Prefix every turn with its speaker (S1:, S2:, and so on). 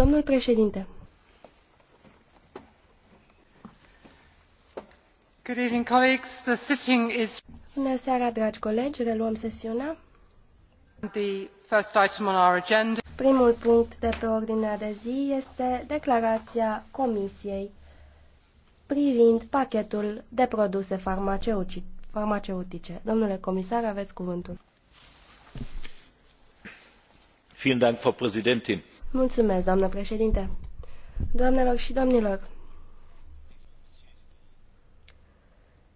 S1: Domnul președinte. Good evening, colleagues. The sitting is...
S2: Bună seara, dragi colegi. Reluăm sesiunea.
S3: The first item on our agenda.
S2: Primul punct de pe ordinea de zi este declarația Comisiei privind pachetul de produse farmaceutice. Domnule comisar, aveți cuvântul.
S4: Vielen Dank, Frau Präsidentin
S2: Mulțumesc, doamnă președinte. Doamnelor și domnilor,